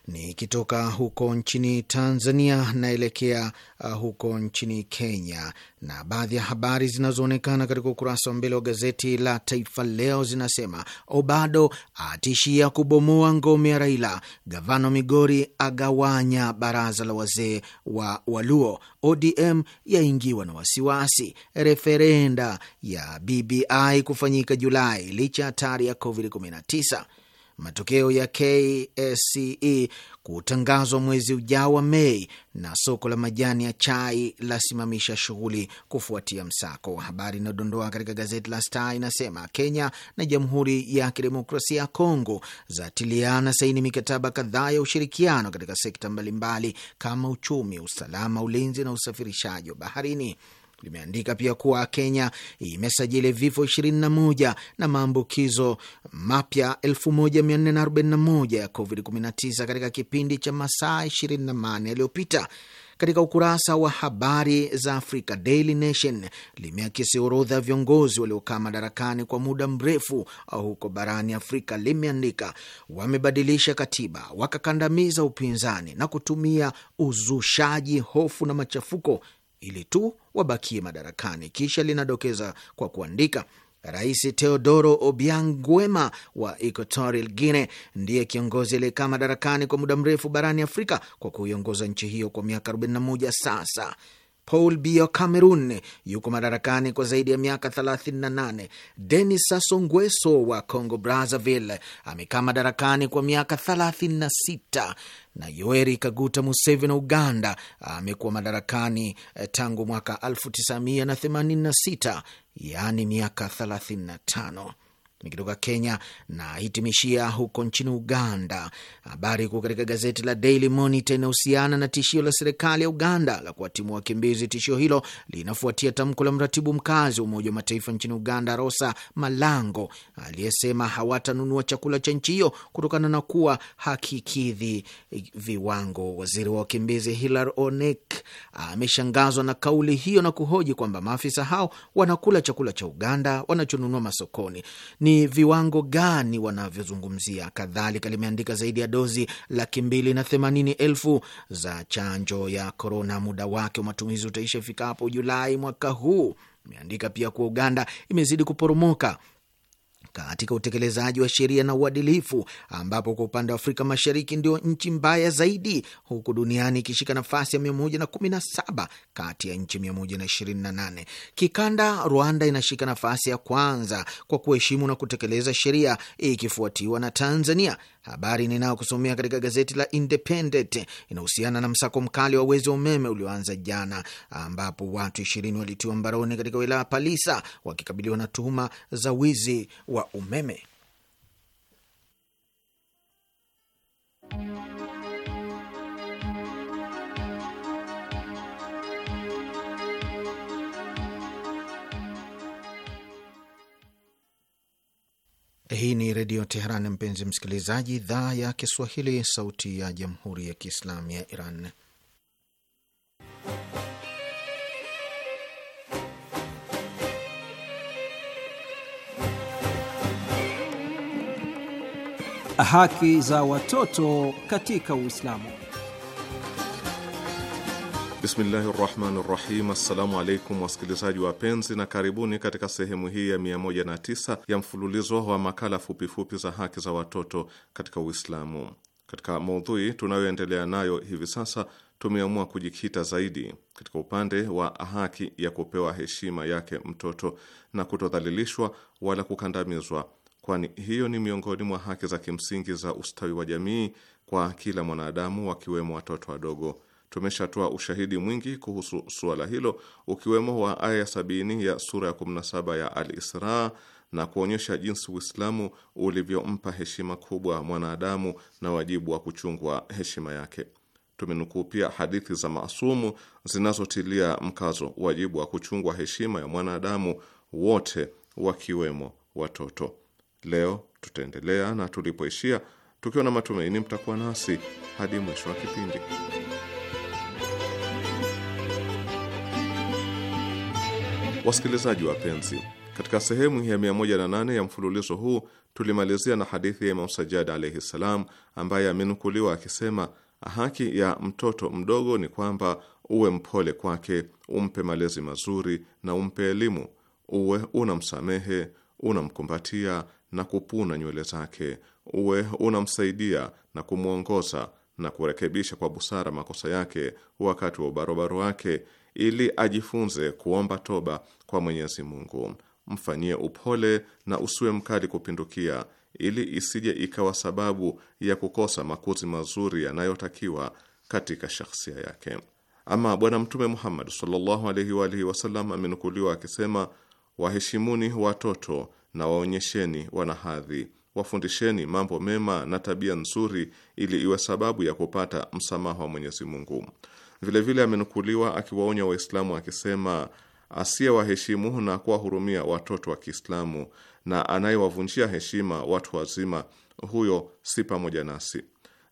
Nikitoka huko nchini Tanzania naelekea uh, huko nchini Kenya, na baadhi ya habari zinazoonekana katika ukurasa wa mbele wa gazeti la Taifa Leo zinasema Obado atishia kubomoa ngome ya Raila, gavana Migori agawanya baraza la wazee wa Waluo, ODM yaingiwa na wasiwasi, referenda ya BBI kufanyika Julai licha ya hatari ya COVID-19 matokeo ya KSCE kutangazwa mwezi ujao wa Mei na soko la majani ya chai lasimamisha shughuli kufuatia msako. Habari inayodondoa katika gazeti la Star inasema Kenya na Jamhuri ya Kidemokrasia ya Kongo zatiliana saini mikataba kadhaa ya ushirikiano katika sekta mbalimbali kama uchumi, usalama, ulinzi na usafirishaji wa baharini limeandika pia kuwa Kenya imesajili vifo 21 na maambukizo mapya 1441 ya COVID-19 katika kipindi cha masaa 24 yaliyopita. Katika ukurasa wa habari za Africa, Daily Nation limeakisi orodha ya viongozi waliokaa madarakani kwa muda mrefu huko barani Afrika. Limeandika wamebadilisha katiba, wakakandamiza upinzani na kutumia uzushaji hofu na machafuko ili tu wabakie madarakani. Kisha linadokeza kwa kuandika Rais Teodoro Obiang Nguema wa Equatorial Guinea ndiye kiongozi aliyekaa madarakani kwa muda mrefu barani Afrika kwa kuiongoza nchi hiyo kwa miaka 41 sasa. Paul bio Cameron Cameroon yuko madarakani kwa zaidi ya miaka 38. Denis Sassou Nguesso wa Congo Brazzaville amekaa madarakani kwa miaka 36 na Yoweri Kaguta Museveni wa Uganda amekuwa madarakani eh, tangu mwaka 1986, yaani miaka 35. Nikitoka Kenya na hitimishia huko nchini Uganda. Habari kuu katika gazeti la Daily Monitor inahusiana na tishio la serikali ya Uganda la kuwatimua wakimbizi. Tishio hilo linafuatia tamko la mratibu mkazi wa Umoja wa Mataifa nchini Uganda, Rosa Malango, aliyesema hawatanunua chakula cha nchi hiyo kutokana na kuwa hakikidhi viwango. Waziri wa wakimbizi Hilary Onek ameshangazwa na kauli hiyo na kuhoji kwamba maafisa hao wanakula chakula cha Uganda wanachonunua masokoni ni viwango gani wanavyozungumzia. Kadhalika limeandika zaidi ya dozi laki mbili na themanini elfu za chanjo ya korona, muda wake wa matumizi utaisha ifikapo Julai mwaka huu. Imeandika pia kuwa Uganda imezidi kuporomoka katika utekelezaji wa sheria na uadilifu, ambapo kwa upande wa Afrika Mashariki ndio nchi mbaya zaidi, huku duniani ikishika nafasi ya 117 kati ya nchi 128. Kikanda, Rwanda inashika nafasi ya kwanza kwa kuheshimu na kutekeleza sheria, ikifuatiwa na Tanzania Habari ninayokusomea katika gazeti la Independent inahusiana na msako mkali wa wezi wa umeme ulioanza jana, ambapo watu ishirini walitiwa mbaroni katika wilaya Palisa wakikabiliwa na tuhuma za wizi wa umeme. Hii ni Redio Teheran, mpenzi msikilizaji, idhaa ya Kiswahili, sauti ya jamhuri ya kiislamu ya Iran. Haki za watoto katika Uislamu. Bismillahi rahmani rahim. Assalamu alaikum wasikilizaji wapenzi, na karibuni katika sehemu hii ya 109 ya mfululizo wa makala fupifupi za haki za watoto katika Uislamu. Katika maudhui tunayoendelea nayo hivi sasa, tumeamua kujikita zaidi katika upande wa haki ya kupewa heshima yake mtoto na kutodhalilishwa wala kukandamizwa, kwani hiyo ni miongoni mwa haki za kimsingi za ustawi wa jamii kwa kila mwanadamu, wakiwemo watoto wadogo. Tumeshatoa ushahidi mwingi kuhusu suala hilo ukiwemo wa aya sabini ya sura ya 17 ya Al-Isra na kuonyesha jinsi Uislamu ulivyompa heshima kubwa mwanadamu na wajibu wa kuchungwa heshima yake. Tumenukuu pia hadithi za masumu zinazotilia mkazo wajibu wa kuchungwa heshima ya mwanadamu wote wakiwemo watoto. Leo tutaendelea na tulipoishia, tukiwa na matumaini mtakuwa nasi hadi mwisho wa kipindi. Wasikilizaji wapenzi, katika sehemu ya 108 ya mfululizo huu tulimalizia na hadithi ya Imam Sajjad alayhi ssalam, ambaye amenukuliwa akisema haki ya mtoto mdogo ni kwamba uwe mpole kwake, umpe malezi mazuri na umpe elimu, uwe unamsamehe, unamkumbatia na kupuna nywele zake, uwe unamsaidia na kumwongoza na kurekebisha kwa busara makosa yake wakati wa ubarobaro wake ili ajifunze kuomba toba kwa Mwenyezi Mungu. Mfanyie upole na usiwe mkali kupindukia, ili isije ikawa sababu ya kukosa makuzi mazuri yanayotakiwa katika shakhsia yake. Ama Bwana Mtume Muhammad sallallahu alaihi wa alihi wasallam amenukuliwa akisema, waheshimuni watoto na waonyesheni wanahadhi, wafundisheni mambo mema na tabia nzuri, ili iwe sababu ya kupata msamaha wa Mwenyezi Mungu. Vilevile amenukuliwa akiwaonya Waislamu akisema, asiyewaheshimu na kuwahurumia watoto wa Kiislamu na anayewavunjia heshima watu wazima, huyo si pamoja nasi.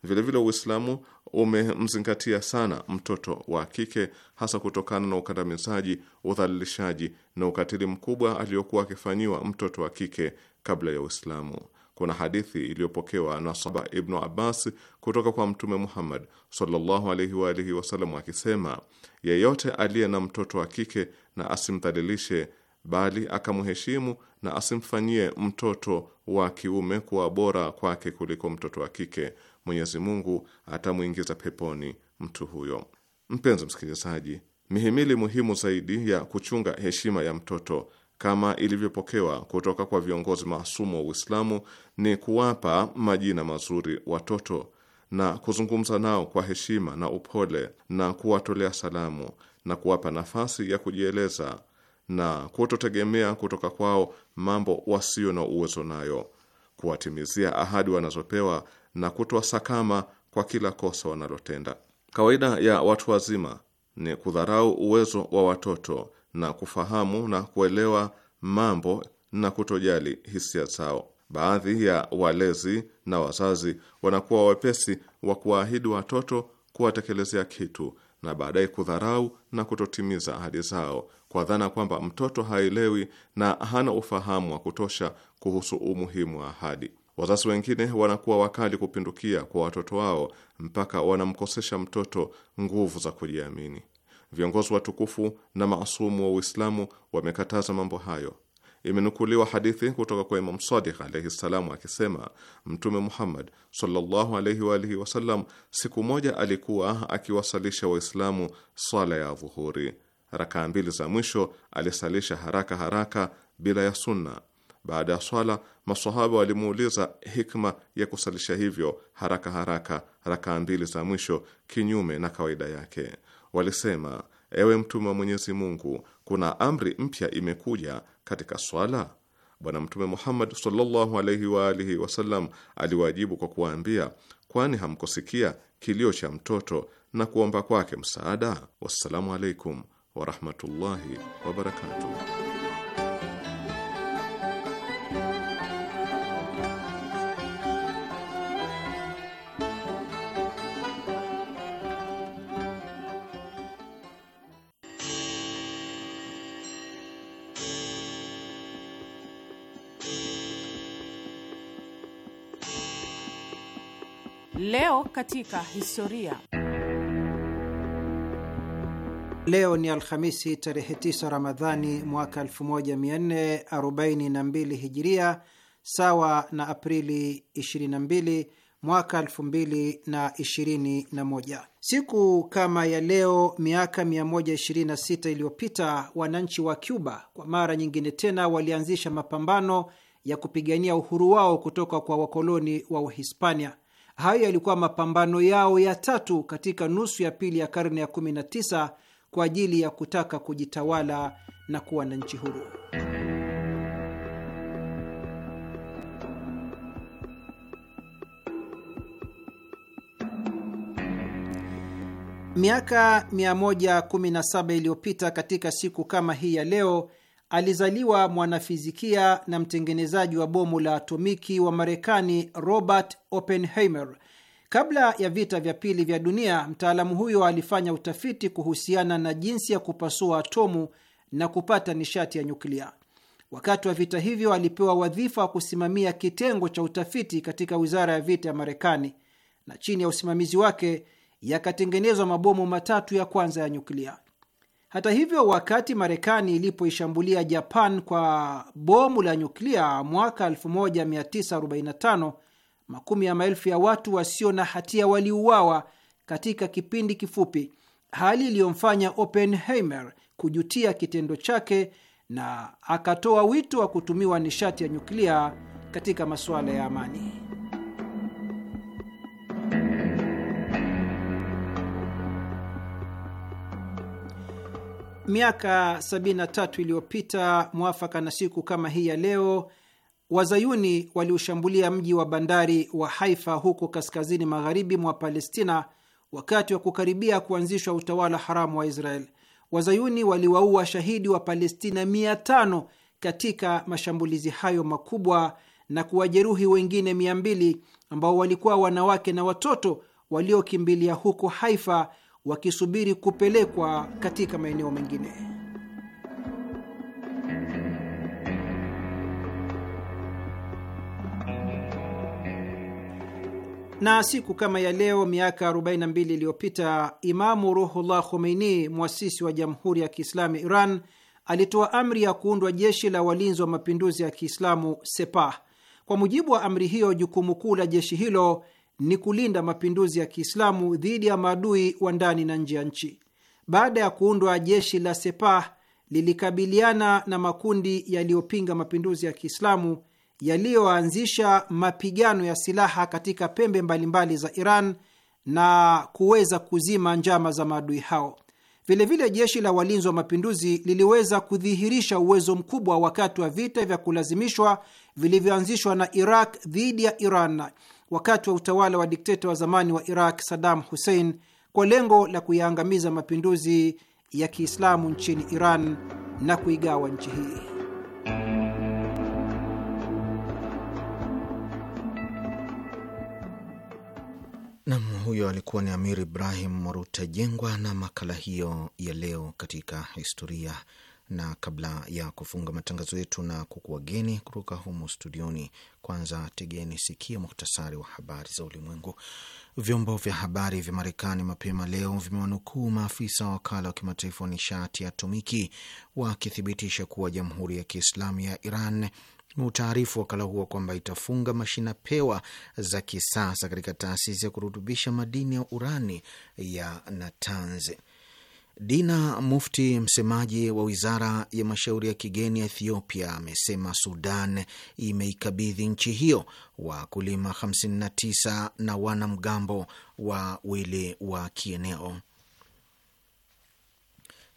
Vilevile Uislamu umemzingatia sana mtoto wa kike hasa kutokana na ukandamizaji, udhalilishaji na ukatili mkubwa aliyokuwa akifanyiwa mtoto wa kike kabla ya Uislamu kuna hadithi iliyopokewa na Saba Ibnu Abbas kutoka kwa Mtume Muhammad sallallahu alaihi wa alihi wasallam akisema, yeyote aliye na mtoto wa kike na asimdhalilishe, bali akamheshimu na asimfanyie mtoto wa kiume kuwa bora kwake kuliko mtoto wa kike, Mwenyezi Mungu atamwingiza peponi mtu huyo. Mpenzi msikilizaji, mihimili muhimu zaidi ya kuchunga heshima ya mtoto kama ilivyopokewa kutoka kwa viongozi maasumu wa Uislamu ni kuwapa majina mazuri watoto na kuzungumza nao kwa heshima na upole na kuwatolea salamu na kuwapa nafasi ya kujieleza na kutotegemea kutoka kwao mambo wasio na uwezo nayo, kuwatimizia ahadi wanazopewa na kutoa sakama kwa kila kosa wanalotenda. Kawaida ya watu wazima ni kudharau uwezo wa watoto na kufahamu na kuelewa mambo na kutojali hisia zao. Baadhi ya walezi na wazazi wanakuwa wepesi wa kuwaahidi watoto kuwatekelezea kitu na baadaye kudharau na kutotimiza ahadi zao kwa dhana kwamba mtoto haelewi na hana ufahamu wa kutosha kuhusu umuhimu wa ahadi. Wazazi wengine wanakuwa wakali kupindukia kwa watoto wao mpaka wanamkosesha mtoto nguvu za kujiamini. Viongozi watukufu na maasumu wa Uislamu wamekataza mambo hayo. Imenukuliwa hadithi kutoka kwa Imam Sadiq alaihi ssalamu akisema, Mtume Muhammad sallallahu alaihi wa alihi wasallam siku moja alikuwa akiwasalisha Waislamu swala ya dhuhuri. Rakaa mbili za mwisho alisalisha haraka haraka bila ya sunna. Baada ya swala, masahaba walimuuliza hikma ya kusalisha hivyo haraka haraka rakaa mbili za mwisho kinyume na kawaida yake walisema, ewe Mtume wa Mwenyezi Mungu, kuna amri mpya imekuja katika swala? Bwana Mtume Muhammad sallallahu alaihi wa alihi wasallam aliwajibu kwa kuwaambia, kwani hamkusikia kilio cha mtoto na kuomba kwake msaada? Wassalamu alaikum warahmatullahi wabarakatuh. Leo katika historia. Leo ni Alhamisi tarehe 9 Ramadhani mwaka 1442 Hijiria, sawa na Aprili 22 mwaka 2021. Siku kama ya leo miaka 126 iliyopita wananchi wa Cuba kwa mara nyingine tena walianzisha mapambano ya kupigania uhuru wao kutoka kwa wakoloni wa Uhispania. Hayo yalikuwa mapambano yao ya tatu katika nusu ya pili ya karne ya 19 kwa ajili ya kutaka kujitawala na kuwa na nchi huru. Miaka 117 iliyopita katika siku kama hii ya leo alizaliwa mwanafizikia na mtengenezaji wa bomu la atomiki wa Marekani Robert Oppenheimer. Kabla ya vita vya pili vya dunia, mtaalamu huyo alifanya utafiti kuhusiana na jinsi ya kupasua atomu na kupata nishati ya nyuklia. Wakati wa vita hivyo, alipewa wadhifa wa kusimamia kitengo cha utafiti katika wizara ya vita ya Marekani, na chini ya usimamizi wake yakatengenezwa mabomu matatu ya kwanza ya nyuklia. Hata hivyo, wakati Marekani ilipoishambulia Japan kwa bomu la nyuklia mwaka 1945, makumi ya maelfu ya watu wasio na hatia waliuawa katika kipindi kifupi, hali iliyomfanya Oppenheimer kujutia kitendo chake na akatoa wito wa kutumiwa nishati ya nyuklia katika masuala ya amani. Miaka 73 iliyopita mwafaka na siku kama hii ya leo, wazayuni waliushambulia mji wa bandari wa Haifa huko kaskazini magharibi mwa Palestina wakati wa kukaribia kuanzishwa utawala haramu wa Israel. Wazayuni waliwaua shahidi wa Palestina 500 katika mashambulizi hayo makubwa na kuwajeruhi wengine 200 ambao walikuwa wanawake na watoto waliokimbilia huko Haifa wakisubiri kupelekwa katika maeneo mengine. Na siku kama ya leo miaka 42 iliyopita Imamu Ruhullah Khomeini, mwasisi wa Jamhuri ya Kiislamu Iran, alitoa amri ya kuundwa jeshi la walinzi wa mapinduzi ya Kiislamu Sepah. Kwa mujibu wa amri hiyo, jukumu kuu la jeshi hilo ni kulinda mapinduzi ya Kiislamu dhidi ya maadui wa ndani na nje ya nchi. Baada ya kuundwa jeshi la Sepah lilikabiliana na makundi yaliyopinga mapinduzi ya Kiislamu yaliyoanzisha mapigano ya silaha katika pembe mbalimbali za Iran na kuweza kuzima njama za maadui hao. Vilevile jeshi la walinzi wa mapinduzi liliweza kudhihirisha uwezo mkubwa wakati wa vita vya kulazimishwa vilivyoanzishwa na Iraq dhidi ya Iran wakati wa utawala wa dikteta wa zamani wa Iraq Saddam Hussein kwa lengo la kuyaangamiza mapinduzi ya Kiislamu nchini Iran na kuigawa nchi hii. Nam, huyo alikuwa ni Amir Ibrahim Morutajengwa na makala hiyo ya leo katika historia na kabla ya kufunga matangazo yetu na kukuageni kutoka humo studioni, kwanza tegeni sikia muhtasari wa habari za ulimwengu. Vyombo vya habari vya Marekani mapema leo vimewanukuu maafisa wa wakala wa kimataifa wa nishati ya atomiki wakithibitisha kuwa Jamhuri ya Kiislamu ya Iran imeutaarifu wakala huo kwamba itafunga mashina pewa za kisasa katika taasisi ya kurutubisha madini ya urani ya Natanz. Dina Mufti, msemaji wa wizara ya mashauri ya kigeni ya Ethiopia, amesema Sudan imeikabidhi nchi hiyo wakulima 59 na wanamgambo wawili wa kieneo.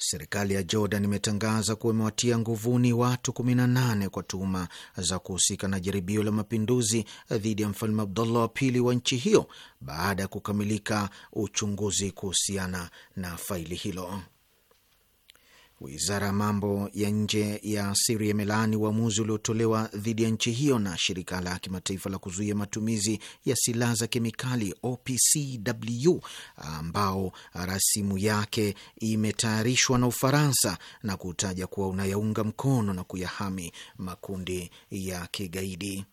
Serikali ya Jordan imetangaza kuwa imewatia nguvuni watu 18 kwa tuhuma za kuhusika na jaribio la mapinduzi dhidi ya mfalme Abdullah wa pili wa nchi hiyo baada ya kukamilika uchunguzi kuhusiana na faili hilo. Wizara ya mambo ya nje ya Siria imelaani uamuzi uliotolewa dhidi ya nchi hiyo na shirika la kimataifa la kuzuia matumizi ya silaha za kemikali OPCW, ambao rasimu yake imetayarishwa na Ufaransa na kutaja kuwa unayaunga mkono na kuyahami makundi ya kigaidi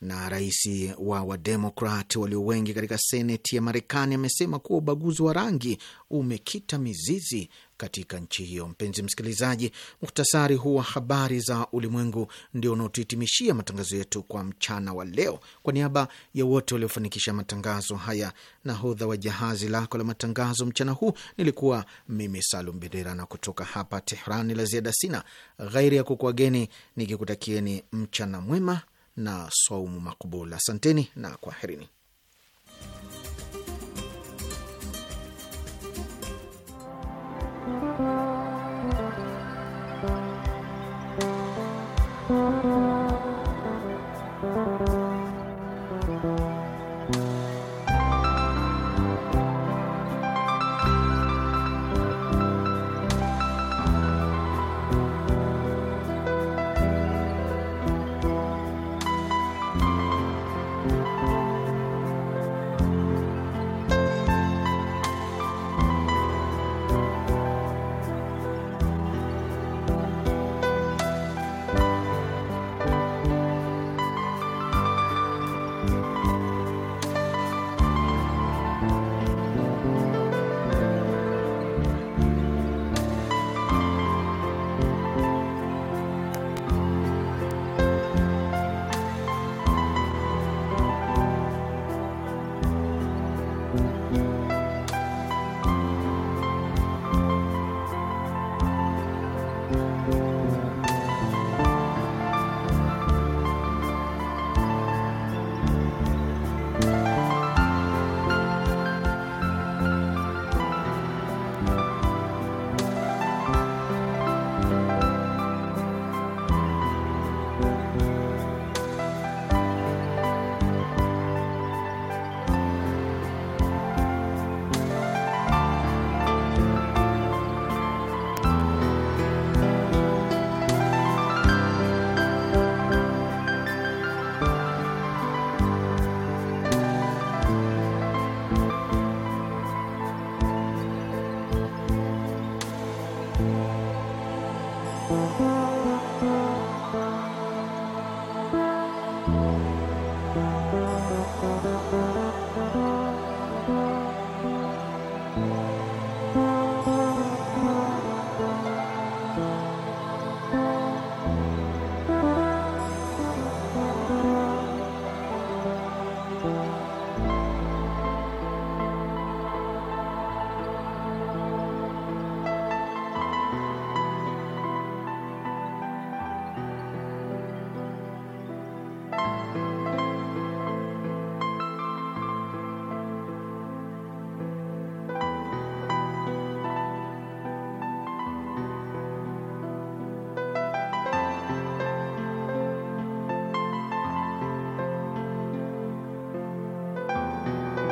na rais wa Wademokrat walio wengi katika seneti ya Marekani amesema kuwa ubaguzi wa rangi umekita mizizi katika nchi hiyo. Mpenzi msikilizaji, muhtasari huu wa habari za ulimwengu ndio unaotuhitimishia matangazo yetu kwa mchana wa leo. Kwa niaba ya wote waliofanikisha matangazo haya, nahodha wa jahazi lako la matangazo mchana huu nilikuwa mimi Salum Bendera, na kutoka hapa Tehran la ziada sina ghairi ya kukuageni nikikutakieni mchana mwema na saumu makubul Asanteni na kwaherini.